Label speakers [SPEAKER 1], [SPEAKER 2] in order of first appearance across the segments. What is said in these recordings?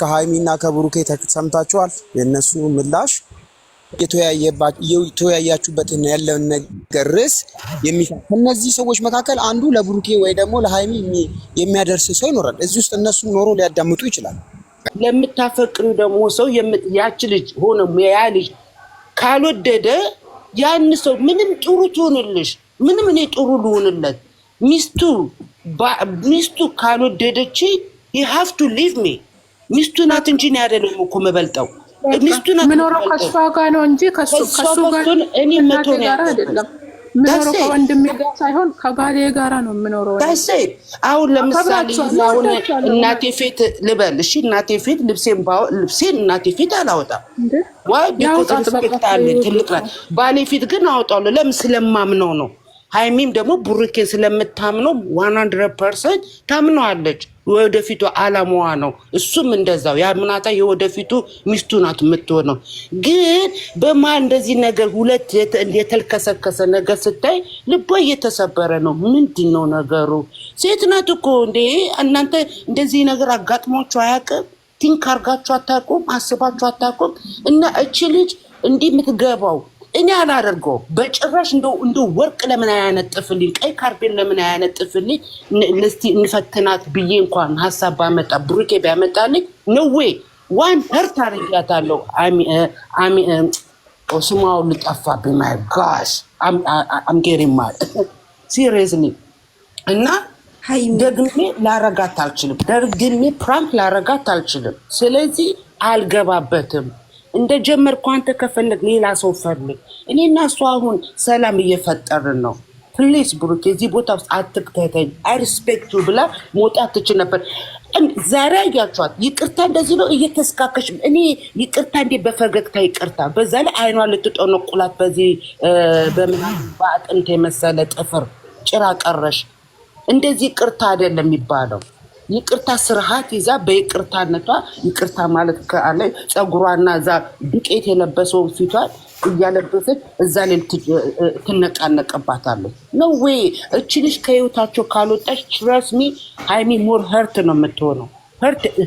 [SPEAKER 1] ከሀይሚና ከብሩኬ ሰምታችኋል። የእነሱ ምላሽ የተወያያችሁበትን ያለውን ነገር ርዕስ ከእነዚህ ሰዎች መካከል አንዱ ለብሩኬ ወይ ደግሞ ለሀይሚ የሚያደርስ ሰው ይኖራል። እዚህ ውስጥ እነሱ ኖሮ ሊያዳምጡ ይችላል።
[SPEAKER 2] ለምታፈቅሩ ደግሞ ሰው ያች ልጅ ሆነ ያ ልጅ ካልወደደ ያን ሰው ምንም ጥሩ ትሆንልሽ፣ ምንም እኔ ጥሩ ልሆንለት ሚስቱ ሚስቱ ካልወደደች ሀፍቱ ሊቭ ሜ ሚስቱ ናት እንጂ ነው ያደለም እኮ የምበልጠው
[SPEAKER 3] ሚስቱ ናት። የምኖረው ከእሷ ጋር ነው እንጂ ከእሱ ጋር
[SPEAKER 2] እኔ መቶ ነው ያደለም
[SPEAKER 3] ምኖረው ከወንድሜ ጋር ሳይሆን ከባሌ ጋር ነው የምኖረው።
[SPEAKER 2] አሁን ለምሳሌ አሁን እናቴ ፊት ልበል እሺ፣ እናቴ ፊት ልብሴን ልብሴን እናቴ ፊት አላወጣም። ዋይ ቤተሰብ ትልቅ ናት። ባሌ ፊት ግን አወጣለሁ። ለምን ስለማምነው ነው ሀይሚም ደግሞ ቡሩኬን ስለምታምነው ዋን ሀንድረድ ፐርሰንት ታምነዋለች። የወደፊቱ አላማዋ ነው። እሱም እንደዛው ያምናታ የወደፊቱ ሚስቱ ናት የምትሆነው። ግን በማ እንደዚህ ነገር ሁለት የተልከሰከሰ ነገር ስታይ ልቧ እየተሰበረ ነው። ምንድን ነው ነገሩ? ሴት ናት እኮ እንዴ! እናንተ እንደዚህ ነገር አጋጥሟችሁ አያውቅም? ቲንክ አርጋችሁ አታውቁም? አስባችሁ አታውቁም? እና እች ልጅ እንዲህ የምትገባው እኔ አላደርገው በጭራሽ። እንደ ወርቅ ለምን አያነጥፍልኝ? ቀይ ካርፔን ለምን አያነጥፍልኝ? እስቲ እንፈትናት ብዬ እንኳን ሀሳብ ባመጣ ብሩኬ ቢያመጣልኝ ነዌ ዋን ርት አድርጊያታለሁ። ስማውን ልጠፋብኝ። ማይ ጋሽ አምጌሪ ማለት ሲሪየስሊ እና ደግሜ ላረጋት አልችልም። ደግሜ ፕራንክ ላረጋት አልችልም። ስለዚህ አልገባበትም እንደ ጀመርኩ አንተ ከፈለግ ሌላ ሰው ፈልግ። እኔ እና እሱ አሁን ሰላም እየፈጠርን ነው። ፕሌስ ብሩክ የዚህ ቦታ ውስጥ አትክተተኝ አይሪስፔክቱ ብላ መውጣት ትችል ነበር። ዛሬ አያቸዋት ይቅርታ እንደዚህ ነው እየተስካከሽ። እኔ ይቅርታ እንዴ በፈገግታ ይቅርታ፣ በዛ ላይ አይኗ ልትጠነቁላት በዚህ በምን በአጥንት የመሰለ ጥፍር ጭራ ቀረሽ። እንደዚህ ይቅርታ አይደለም የሚባለው። ይቅርታ ስርዓት ይዛ በይቅርታነቷ ይቅርታ ማለት ከአለ ፀጉሯና እዛ ዱቄት የለበሰውን ፊቷን እያለበሰች እዛ ላይ ትነቃነቅባታለች። ነው ወይ እችልሽ ከህይወታቸው ካልወጣች ትረስሚ ሃይሚ ሞር ሀርት ነው የምትሆነው።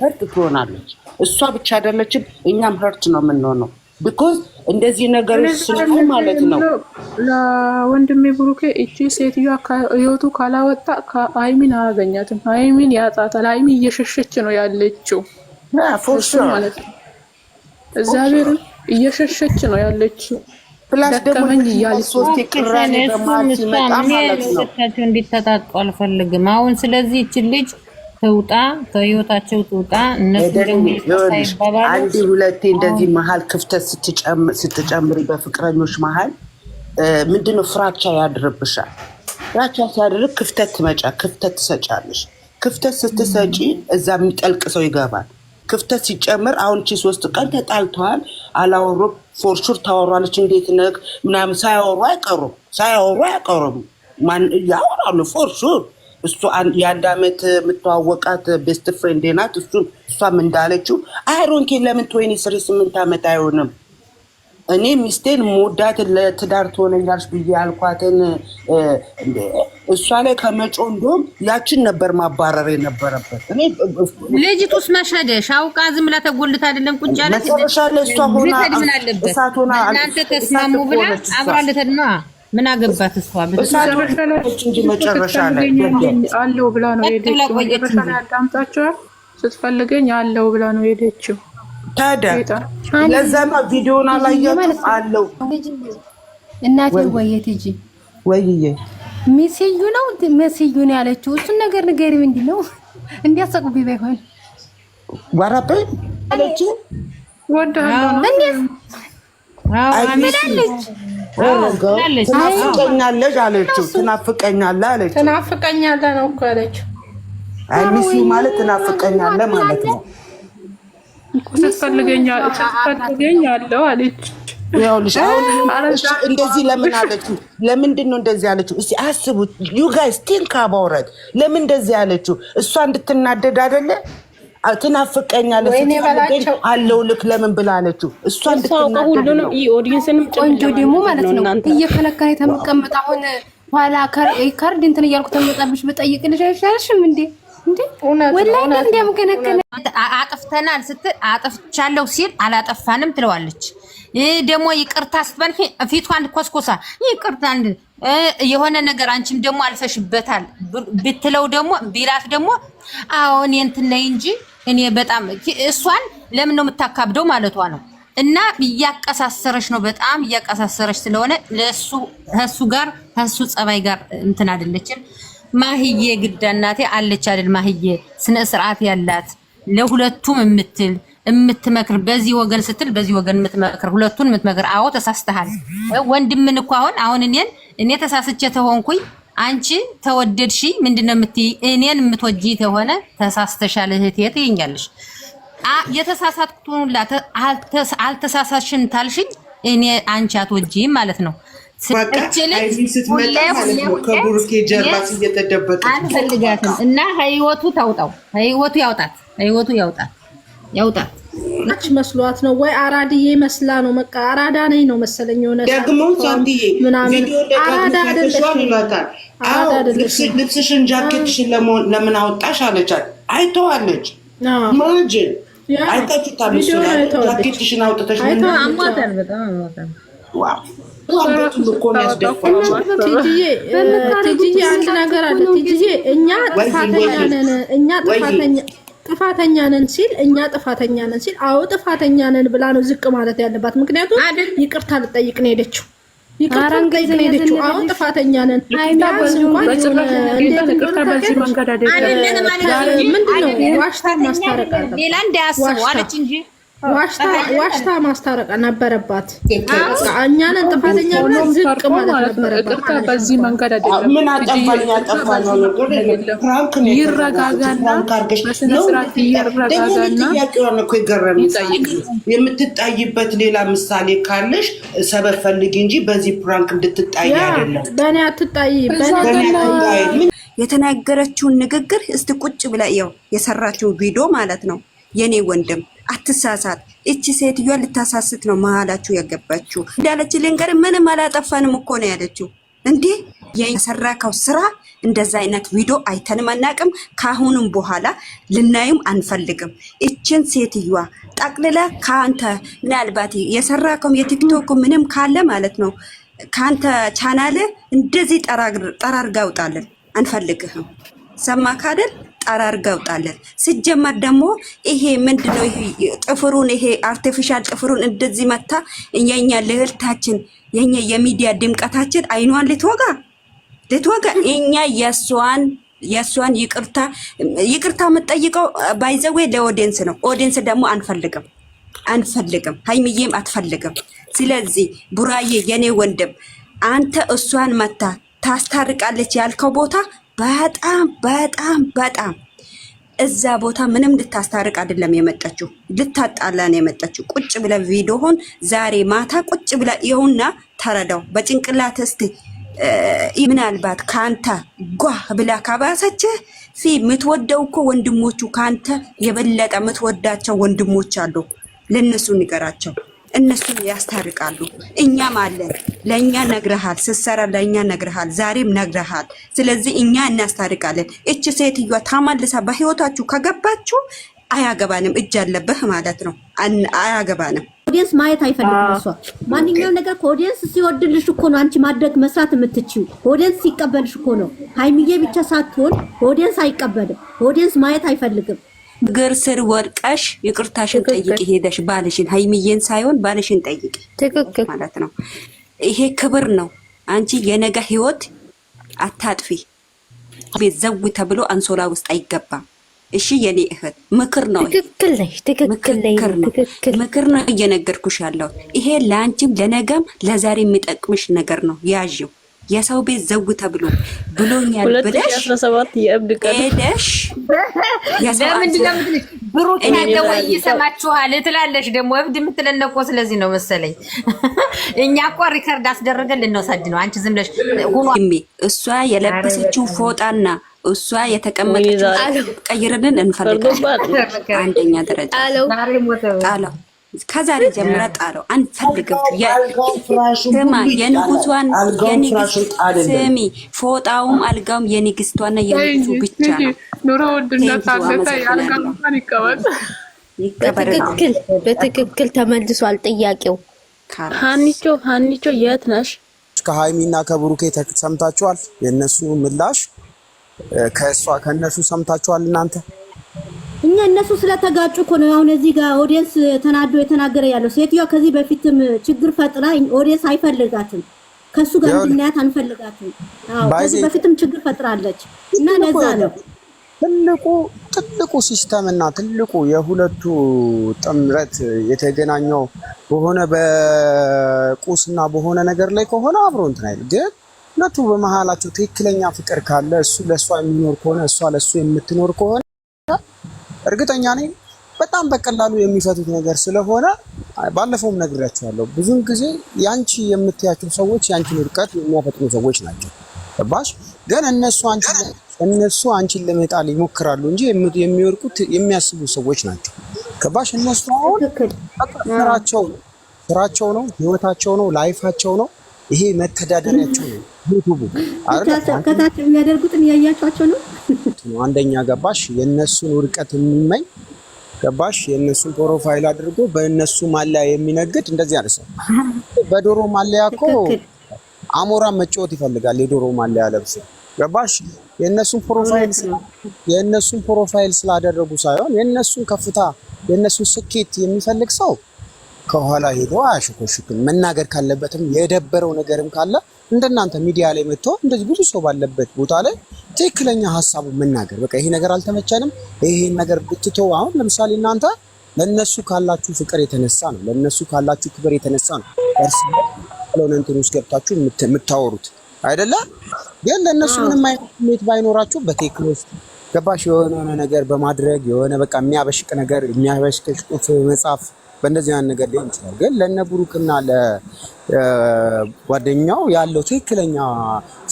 [SPEAKER 2] ሀርት ትሆናለች። እሷ ብቻ አይደለችም፣ እኛም ሀርት ነው የምንሆነው። ቢኮዝ እንደዚህ ነገሮች ስለሆ ማለት ነው።
[SPEAKER 3] ለወንድሜ ብሩኬ እቺ ሴትዮዋ ህይወቱ ካላወጣ አይሚን አያገኛትም። አይሚን ያጣታል። አይሚ እየሸሸች ነው ያለችው ማለት ነው። እግዚአብሔር እየሸሸች ነው ያለችው።
[SPEAKER 2] ፕላስ ደግሞ
[SPEAKER 4] እንዲተጣጡ አልፈልግም አሁን ስለዚህ ይች ልጅ ትውጣ ከህይወታቸው ትውጣ። እነሱ
[SPEAKER 2] አንዴ ሁለቴ እንደዚህ መሀል ክፍተት ስትጨምሪ በፍቅረኞች መሀል ምንድነው ፍራቻ ያድርብሻል። ፍራቻ ሲያድርግ ክፍተት ትመጫ ክፍተት ትሰጫለሽ። ክፍተት ስትሰጪ እዛ የሚጠልቅ ሰው ይገባል። ክፍተት ሲጨምር አሁን ቺ ሶስት ቀን ተጣልተዋል አላወሩ ፎርሹር ታወሯለች። እንዴት ነህ ምናምን ሳያወሩ አይቀሩም፣ ሳያወሩ አይቀሩም። ማን ያወራሉ ፎርሹር እሱ የአንድ ዓመት የምተዋወቃት ቤስት ፍሬንዴ ናት። እሱን እሷም እንዳለችው አይሮንኬ ለምን ትወይኒ ስሪ ስምንት ዓመት አይሆንም። እኔ ሚስቴን መወዳት ለትዳር ትሆነኛለች ብዬ ያልኳትን እሷ ላይ ከመጮ እንደውም ያችን ነበር ማባረር የነበረበት።
[SPEAKER 4] ልጅቱስ መሸደሽ አውቃ ዝም ብላ ተጎልታ አይደለም ቁጭ ያለች
[SPEAKER 2] መጨረሻ ላይ ሆና እሳት ሆና
[SPEAKER 4] እናንተ ተስማሙ ብላ አብራ ልተድነዋ ምን አገባት እሷ
[SPEAKER 3] እንጂ መጨረሻ ላይ አለው ብላ ነው የሄደችው። ስትፈልገኝ አለው ብላ ነው የሄደችው።
[SPEAKER 2] ታዲያ ለዛማ ቪዲዮን አላየሁም አለው።
[SPEAKER 4] እናቴ ወየት እጂ ወይዬ ሚስዩ ነው መስዩ ነው ያለችው። እሱን ነገር ንገሪው። እንዲህ ነው እንዲያሰቁ ቢባ ይሆን ዋራበ አለችው።
[SPEAKER 3] ወደ አዎ
[SPEAKER 2] አለች ትናፍቀኛለሽ አለችው። ትናፍቀኛለህ አለችው።
[SPEAKER 3] ትናፍቀኛለህ ነው እኮ ያለችው።
[SPEAKER 2] አይ ሚስ ዩ ማለት ትናፍቀኛለህ ማለት ነው። እንደዚህ ለምን አለችው? ለምንድን ነው እንደዚህ አለችው? እስኪ አስቡት። ዩ ጋይስ ቲንክ አባውረት ለምን እንደዚህ አለችው? እሷ እንድትናደድ አይደለ አለው ልክ ለምን ብላ አለችው። እሷ
[SPEAKER 3] ሁሉንም ኦዲየንስንም
[SPEAKER 4] ቆንጆ ደግሞ ማለት ነው እየከለከለ የተቀመጠ አሁን ኋላ ካርድ እንትን እያልኩ ተመጣብሽ በጠይቅልሽ አይሻልሽም እንዴ? ወላሂ እንደምከነከነ አጥፍተናል ስትል አጥፍቻለሁ ሲል አላጠፋንም ትለዋለች። ይህ ደግሞ ይቅርታ ስትበል ፊቱ አንድ ኮስኮሳ ይቅርታ አንድ የሆነ ነገር አንቺም ደግሞ አልፈሽበታል ብትለው ደግሞ ቢላት ደግሞ አዎ እኔ እንትን ነኝ እንጂ እኔ በጣም እሷን ለምን ነው የምታካብደው ማለቷ ነው። እና እያቀሳሰረች ነው፣ በጣም እያቀሳሰረች ስለሆነ ለሱ ከሱ ጋር ከሱ ጸባይ ጋር እንትን አይደለችም። ማህዬ ግዳናቴ አለች አይደል? ማህዬ ስነ ስርዓት ያላት ለሁለቱም የምትል የምትመክር በዚህ ወገን ስትል በዚህ ወገን የምትመክር ሁለቱን የምትመክር። አዎ ተሳስተሃል። ወንድምን እኮ አሁን አሁን እኔን እኔ ተሳስቼ ተሆንኩኝ አንቺ ተወደድሺ ምንድነው የምትይ? እኔን የምትወጂ ተሆነ ተሳስተሻል እህቴ ትይኛለሽ። የተሳሳትኩትን አልተሳሳሽን ታልሽኝ እኔ አንቺ አትወጂም ማለት ነው።
[SPEAKER 2] ስትመጣ እየተደበቀ
[SPEAKER 4] አንፈልጋትም እና ህይወቱ ታውጣው፣ ህይወቱ ያውጣት፣ ህይወቱ ያውጣት። ያውጣ ነች መስሏት ነው ወይ አራድዬ መስላ ነው? መቃ አራዳ ነኝ ነው መሰለኝ። የሆነ
[SPEAKER 2] ደግሞ ሳንቲዬ አራዳ አይደለሽም ይሏታል። ልብስሽን ጃኬትሽን ለምን አወጣሽ አለቻት። አይተዋለች ማጅን አይታችሁታል። ጃኬትሽን አውጥተሽ
[SPEAKER 4] አሟታል። በጣም አሟታል። አንድ ነገር አለ። እኛ ጥፋተኛ ነን እኛ ጥፋተኛ ጥፋተኛ ነን ሲል እኛ ጥፋተኛ ነን ሲል አዎ ጥፋተኛ ነን ብላ ነው ዝቅ ማለት ያለባት። ምክንያቱም ይቅርታ ልጠይቅ ነው ሄደችው። ይቅርታ ልጠይቅ ነው ሄደችው። አዎ ጥፋተኛ ነን። ዋሽታ ማስታረቅ ሌላ እንዳያስቡ አለች እንጂ ዋሽታ ማስታረቅ ነበረባት። እኛንን ጥፋተኛ ብለን ዝቅ ማለት
[SPEAKER 3] ነበረባት። በዚህ መንገድ ይረጋጋና ይረጋጋና
[SPEAKER 2] የምትጣይበት ሌላ ምሳሌ ካለሽ ሰበብ ፈልጊ እንጂ በዚህ ፕራንክ እንድትጣይ አይደለም።
[SPEAKER 3] በእኔ አትጣይ
[SPEAKER 4] የተናገረችውን ንግግር እስቲ ቁጭ ብላ ው የሰራችው ቪዲዮ ማለት ነው የኔ ወንድም አትሳሳት። እቺ ሴትዮዋ ልታሳስት ነው መሀላችሁ ያገባችሁ እንዳለች ልንገር፣ ምንም አላጠፋንም እኮ ነው ያለችው። እንዲህ የሰራከው ስራ እንደዛ አይነት ቪዲዮ አይተንም አናቅም። ከአሁንም በኋላ ልናዩም አንፈልግም። እችን ሴትዮዋ ጠቅልላ ከአንተ ምናልባት የሰራከውም የቲክቶክ ምንም ካለ ማለት ነው ከአንተ ቻናል እንደዚህ ጠራርጋ አውጣለን፣ አንፈልግህም። ሰማክ ጣራ አርጋውጣለን። ሲጀመር ደግሞ ይሄ ምንድነው? ይሄ ጥፍሩን ይሄ አርቲፊሻል ጥፍሩን እንደዚህ መታ እኛኛ ልህልታችን የኛ የሚዲያ ድምቀታችን አይኗን ልትወጋ ልትወጋ እኛ የሷን የሷን ይቅርታ ይቅርታ የምጠይቀው ባይዘዌ ለኦዲንስ ነው። ኦዲንስ ደግሞ አንፈልግም አንፈልግም ሀይሚዬም አትፈልግም። ስለዚህ ቡራዬ የኔ ወንድም አንተ እሷን መታ ታስታርቃለች ያልከው ቦታ በጣም በጣም በጣም እዛ ቦታ ምንም ልታስታርቅ አይደለም የመጣችው፣ ልታጣላ ነው የመጣችው። ቁጭ ብለ ቪዲዮውን ዛሬ ማታ ቁጭ ብለ ይኸውና፣ ተረዳው በጭንቅላት እስቲ ምናልባት ከአንተ ጓ ብላ ካባሰች ፊ የምትወደው እኮ ወንድሞቹ ከአንተ የበለጠ የምትወዳቸው ወንድሞች አሉ። ለነሱ ንገራቸው። እነሱን ያስታርቃሉ። እኛም አለን። ለእኛ ነግረሃል፣ ስትሰራ ለእኛ ነግረሃል፣ ዛሬም ነግረሃል። ስለዚህ እኛ እናስታርቃለን። እች ሴትዮዋ ታማልሳ በህይወታችሁ ከገባችሁ አያገባንም፣ እጅ አለብህ ማለት ነው። አያገባንም። ኦዲየንስ ማየት አይፈልግም። እሷ ማንኛውም ነገር ከኦዲየንስ ሲወድልሽ እኮ ነው አንቺ ማድረግ መስራት የምትችው። ኦዲየንስ ሲቀበልሽ እኮ ነው። ሀይሚዬ ብቻ ሳትሆን ኦዲየንስ አይቀበልም። ኦዲየንስ ማየት አይፈልግም። እግር ስር ወድቀሽ ይቅርታሽን ጠይቂ ሄደሽ ባልሽን፣ ሀይሚዬን ሳይሆን ባልሽን ጠይቂ ትክክል ማለት ነው። ይሄ ክብር ነው። አንቺ የነገ ህይወት አታጥፊ። ቤት ዘው ተብሎ አንሶላ ውስጥ አይገባም። እሺ የኔ እህት ምክር ነው። ትክክል ነሽ፣ ትክክል ምክር ነው እየነገርኩሽ ያለው። ይሄ ለአንቺም ለነገም ለዛሬ የሚጠቅምሽ ነገር ነው። ያዥው የሰው ቤት ዘው ተብሎ ብሎኛል ብለሽ ሄደሽ ብሩክ ያለው ይሰማችኋል ትላለሽ። ደግሞ እብድ የምትለን እኮ ስለዚህ ነው መሰለኝ። እኛ እኮ ሪከርድ አስደረገን ልንወስድ ነው። አንቺ ዝም ብለሽ እሷ የለበሰችው ፎጣና እሷ የተቀመጠችው ቀይርንን እንፈልጋለን። አንደኛ ደረጃ ጣለው ከዛሬ ጀምረ ጣለው አንፈልግም። ስማ የንጉሷን ስሚ ፎጣውም አልጋውም የንግስቷና የንጉሱ ብቻ ነው።
[SPEAKER 3] ኑሮ ውድነት
[SPEAKER 4] በትክክል በትክክል ተመልሷል ጥያቄው።
[SPEAKER 3] ሀኒቾ ሀኒቾ የት ነሽ?
[SPEAKER 1] ከሀይሚና ከብሩኬ ሰምታችኋል። የእነሱ ምላሽ ከእሷ ከእነሱ ሰምታችኋል እናንተ
[SPEAKER 4] እኛ እነሱ ስለተጋጩ እኮ ነው። አሁን እዚህ ጋር ኦዲየንስ ተናዶ የተናገረ ያለው ሴትዮዋ ከዚህ በፊትም ችግር ፈጥራ ኦዲየንስ አይፈልጋትም፣ ከእሱ ጋር እንድናያት አንፈልጋትም። ከዚህ በፊትም ችግር ፈጥራለች እና ለዛ ነው
[SPEAKER 1] ትልቁ ትልቁ ሲስተም እና ትልቁ የሁለቱ ጥምረት የተገናኘው በሆነ በቁስና በሆነ ነገር ላይ ከሆነ አብሮ እንትን አይልም። ግን ሁለቱ በመሀላቸው ትክክለኛ ፍቅር ካለ እሱ ለእሷ የሚኖር ከሆነ እሷ ለእሱ የምትኖር ከሆነ እርግጠኛ ነኝ በጣም በቀላሉ የሚፈቱት ነገር ስለሆነ ባለፈውም ነግሬያቸዋለሁ። ብዙን ጊዜ ያንቺ የምትያቸው ሰዎች ያንቺን ውድቀት የሚያፈጥኑ ሰዎች ናቸው። ገባሽ? ግን እነሱ አንቺን እነሱ አንቺን ለመጣል ይሞክራሉ እንጂ የሚወድቁት የሚያስቡ ሰዎች ናቸው። ገባሽ? እነሱ አሁን ስራቸው ስራቸው ነው፣ ህይወታቸው ነው፣ ላይፋቸው ነው። ይሄ መተዳደሪያቸው ነው። ዩቱቡ
[SPEAKER 4] ከታች የሚያደርጉትን እያያቸዋቸው ነው
[SPEAKER 1] አንደኛ ገባሽ የእነሱን ውድቀት የሚመኝ ገባሽ የእነሱን ፕሮፋይል አድርጎ በእነሱ ማለያ የሚነግድ እንደዚህ አይነት ሰው በዶሮ ማለያ እኮ አሞራ መጫወት ይፈልጋል። የዶሮ ማለያ ለብሶ ገባሽ የእነሱን ፕሮፋይል የእነሱን ፕሮፋይል ስላደረጉ ሳይሆን የእነሱን ከፍታ የእነሱን ስኬት የሚፈልግ ሰው ከኋላ ሄዶ አያሽኮሽክም። መናገር ካለበትም የደበረው ነገርም ካለ እንደናንተ ሚዲያ ላይ መጥቶ እንደዚህ ብዙ ሰው ባለበት ቦታ ላይ ትክክለኛ ሀሳቡ መናገር በቃ ይሄ ነገር አልተመቸንም፣ ይሄን ነገር ብትተው። አሁን ለምሳሌ እናንተ ለነሱ ካላችሁ ፍቅር የተነሳ ነው፣ ለነሱ ካላችሁ ክብር የተነሳ ነው እርስ ለሆነ እንትን ውስጥ ገብታችሁ የምታወሩት አይደለ? ግን ለእነሱ ምንም አይነት ስሜት ባይኖራችሁ በቴክኖ ውስጥ ገባሽ የሆነ ነገር በማድረግ የሆነ በቃ የሚያበሽቅ ነገር የሚያበሽቅ መጽሐፍ በእንደዚህ አይነት ነገር ሊሆን ይችላል። ግን ለነ ብሩክና ለጓደኛው ያለው ትክክለኛ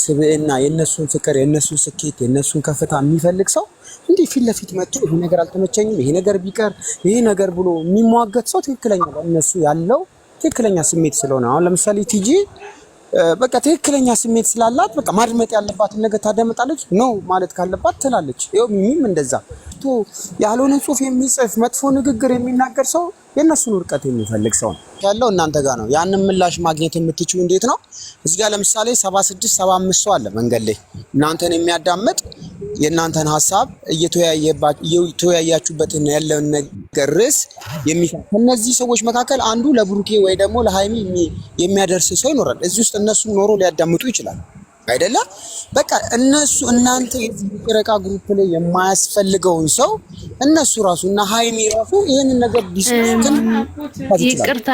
[SPEAKER 1] ስብዕና የእነሱን ፍቅር፣ የእነሱን ስኬት፣ የእነሱን ከፍታ የሚፈልግ ሰው እንዲህ ፊት ለፊት መጥቶ ይሄ ነገር አልተመቸኝም፣ ይሄ ነገር ቢቀር፣ ይሄ ነገር ብሎ የሚሟገት ሰው ትክክለኛ ለእነሱ ያለው ትክክለኛ ስሜት ስለሆነ አሁን ለምሳሌ ቲጂ በቃ ትክክለኛ ስሜት ስላላት በቃ ማድመጥ ያለባትን ነገር ታደምጣለች። ኖ ማለት ካለባት ትላለች። ይኸው ሚሚም እንደዛ ያልሆነ ጽሁፍ የሚጽፍ መጥፎ ንግግር የሚናገር ሰው የእነሱን ውድቀት የሚፈልግ ሰው ነው ያለው እናንተ ጋር ነው። ያንን ምላሽ ማግኘት የምትችሉ እንዴት ነው? እዚህ ጋር ለምሳሌ 76 75 ሰው አለ መንገድ ላይ እናንተን የሚያዳምጥ የእናንተን ሀሳብ እየተወያያችሁበትን ያለውን ነገር ርዕስ የሚካ ከእነዚህ ሰዎች መካከል አንዱ ለብሩኬ ወይ ደግሞ ለሀይሚ የሚያደርስ ሰው ይኖራል። እዚህ ውስጥ እነሱን ኖሮ ሊያዳምጡ ይችላል። አይደለ? በቃ እነሱ እናንተ የጨረቃ ግሩፕ ላይ የማያስፈልገውን ሰው እነሱ ራሱ እና ሀይሚ ራሱ
[SPEAKER 4] ይህንን ነገር ዲስክን ይቅርታ